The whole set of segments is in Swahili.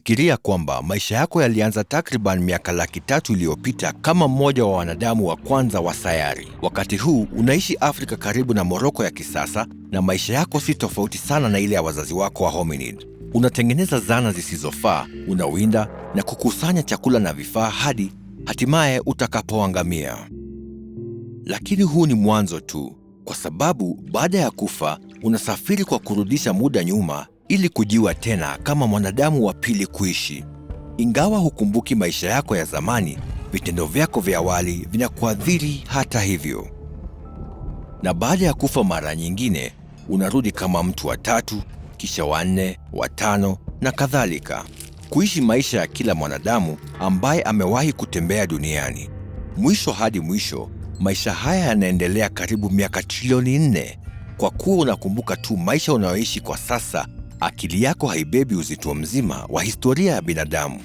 Fikiria kwamba maisha yako yalianza takriban miaka laki tatu iliyopita kama mmoja wa wanadamu wa kwanza wa sayari. Wakati huu unaishi Afrika karibu na Moroko ya kisasa, na maisha yako si tofauti sana na ile ya wazazi wako wa hominid. Unatengeneza zana zisizofaa, unawinda na kukusanya chakula na vifaa hadi hatimaye utakapoangamia. Lakini huu ni mwanzo tu, kwa sababu baada ya kufa unasafiri kwa kurudisha muda nyuma ili kujiwa tena kama mwanadamu wa pili kuishi. Ingawa hukumbuki maisha yako ya zamani, vitendo vyako vya awali vinakuathiri hata hivyo. Na baada ya kufa mara nyingine, unarudi kama mtu wa tatu, kisha wa nne, wa tano na kadhalika, kuishi maisha ya kila mwanadamu ambaye amewahi kutembea duniani. Mwisho hadi mwisho, maisha haya yanaendelea karibu miaka trilioni nne, kwa kuwa unakumbuka tu maisha unayoishi kwa sasa akili yako haibebi uzito mzima wa historia ya binadamu,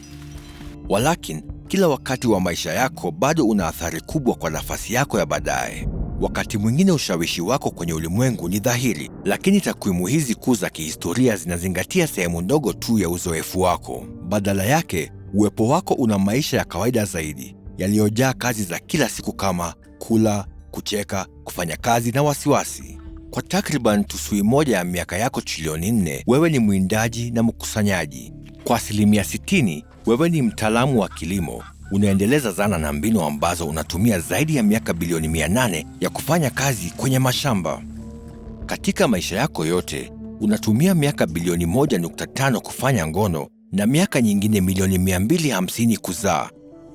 walakin kila wakati wa maisha yako bado una athari kubwa kwa nafasi yako ya baadaye. Wakati mwingine ushawishi wako kwenye ulimwengu ni dhahiri, lakini takwimu hizi kuu za kihistoria zinazingatia sehemu ndogo tu ya uzoefu wako. Badala yake, uwepo wako una maisha ya kawaida zaidi yaliyojaa kazi za kila siku kama kula, kucheka, kufanya kazi na wasiwasi. Kwa takriban tusui moja ya miaka yako trilioni nne, wewe ni mwindaji na mkusanyaji. Kwa asilimia 60, wewe ni mtaalamu wa kilimo, unaendeleza zana na mbinu ambazo unatumia zaidi ya miaka bilioni nane ya kufanya kazi kwenye mashamba. Katika maisha yako yote, unatumia miaka bilioni 1.5 kufanya ngono na miaka nyingine milioni 250 kuzaa.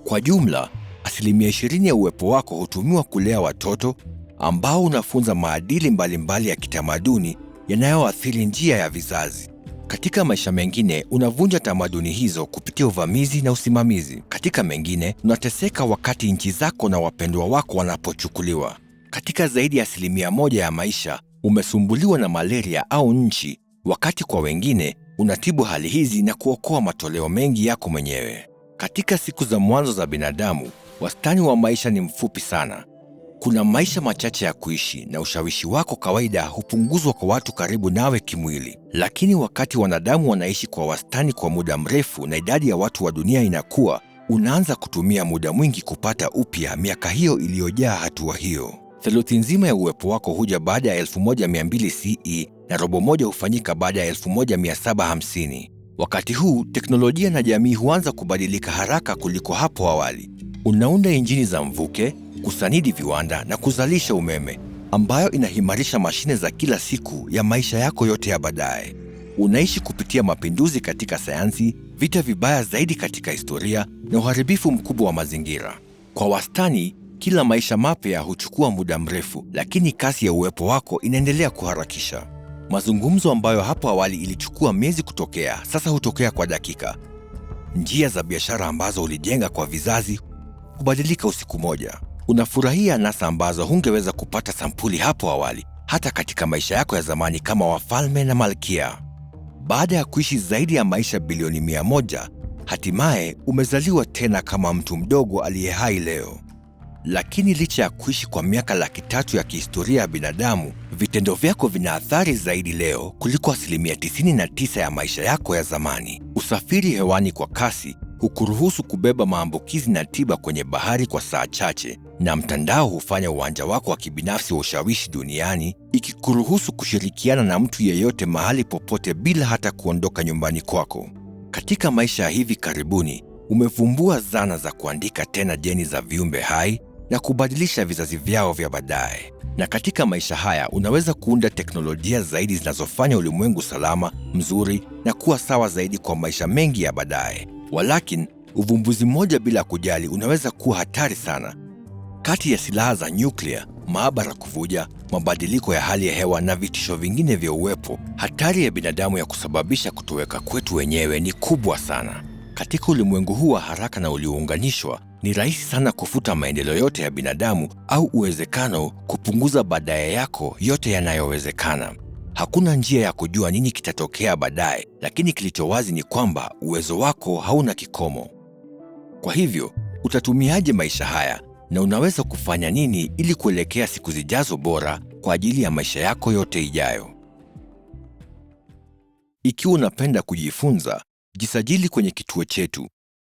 Kwa jumla, asilimia 20 ya uwepo wako hutumiwa kulea watoto, ambao unafunza maadili mbalimbali mbali ya kitamaduni yanayoathiri njia ya vizazi. Katika maisha mengine unavunja tamaduni hizo kupitia uvamizi na usimamizi. Katika mengine unateseka wakati nchi zako na wapendwa wako wanapochukuliwa. Katika zaidi ya asilimia moja ya maisha umesumbuliwa na malaria au nchi, wakati kwa wengine unatibu hali hizi na kuokoa matoleo mengi yako mwenyewe. Katika siku za mwanzo za binadamu, wastani wa maisha ni mfupi sana, kuna maisha machache ya kuishi na ushawishi wako kawaida hupunguzwa kwa watu karibu nawe kimwili. Lakini wakati wanadamu wanaishi kwa wastani kwa muda mrefu na idadi ya watu wa dunia inakuwa, unaanza kutumia muda mwingi kupata upya miaka hiyo iliyojaa hatua hiyo. Theluthi nzima ya uwepo wako huja baada ya 1200 CE na robo moja hufanyika baada ya 1750. Wakati huu teknolojia na jamii huanza kubadilika haraka kuliko hapo awali. Unaunda injini za mvuke kusanidi viwanda na kuzalisha umeme, ambayo inahimarisha mashine za kila siku ya maisha yako yote ya baadaye. Unaishi kupitia mapinduzi katika sayansi, vita vibaya zaidi katika historia na uharibifu mkubwa wa mazingira. Kwa wastani, kila maisha mapya huchukua muda mrefu, lakini kasi ya uwepo wako inaendelea kuharakisha. Mazungumzo ambayo hapo awali ilichukua miezi kutokea, sasa hutokea kwa dakika. Njia za biashara ambazo ulijenga kwa vizazi hubadilika usiku moja. Unafurahia nasa ambazo hungeweza kupata sampuli hapo awali, hata katika maisha yako ya zamani kama wafalme na malkia. Baada ya kuishi zaidi ya maisha bilioni mia moja, hatimaye umezaliwa tena kama mtu mdogo aliye hai leo. Lakini licha ya kuishi kwa miaka laki tatu ya kihistoria ya binadamu, vitendo vyako vina athari zaidi leo kuliko asilimia 99 ya maisha yako ya zamani. Usafiri hewani kwa kasi hukuruhusu kubeba maambukizi na tiba kwenye bahari kwa saa chache, na mtandao hufanya uwanja wako wa kibinafsi wa ushawishi duniani, ikikuruhusu kushirikiana na mtu yeyote mahali popote bila hata kuondoka nyumbani kwako. Katika maisha ya hivi karibuni, umevumbua zana za kuandika tena jeni za viumbe hai na kubadilisha vizazi vyao vya baadaye. Na katika maisha haya unaweza kuunda teknolojia zaidi zinazofanya ulimwengu salama, mzuri na kuwa sawa zaidi kwa maisha mengi ya baadaye. Walakin, uvumbuzi mmoja bila kujali unaweza kuwa hatari sana. Kati ya silaha za nyuklia, maabara kuvuja, mabadiliko ya hali ya hewa na vitisho vingine vya uwepo, hatari ya binadamu ya kusababisha kutoweka kwetu wenyewe ni kubwa sana. Katika ulimwengu huu wa haraka na uliounganishwa, ni rahisi sana kufuta maendeleo yote ya binadamu au uwezekano kupunguza baadaye yako yote yanayowezekana. Hakuna njia ya kujua nini kitatokea baadaye, lakini kilicho wazi ni kwamba uwezo wako hauna kikomo. Kwa hivyo, utatumiaje maisha haya na unaweza kufanya nini ili kuelekea siku zijazo bora kwa ajili ya maisha yako yote ijayo? Ikiwa unapenda kujifunza, jisajili kwenye kituo chetu.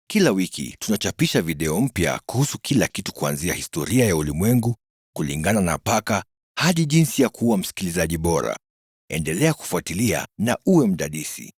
Kila wiki tunachapisha video mpya kuhusu kila kitu, kuanzia historia ya ulimwengu kulingana na paka hadi jinsi ya kuwa msikilizaji bora endelea kufuatilia na uwe mdadisi.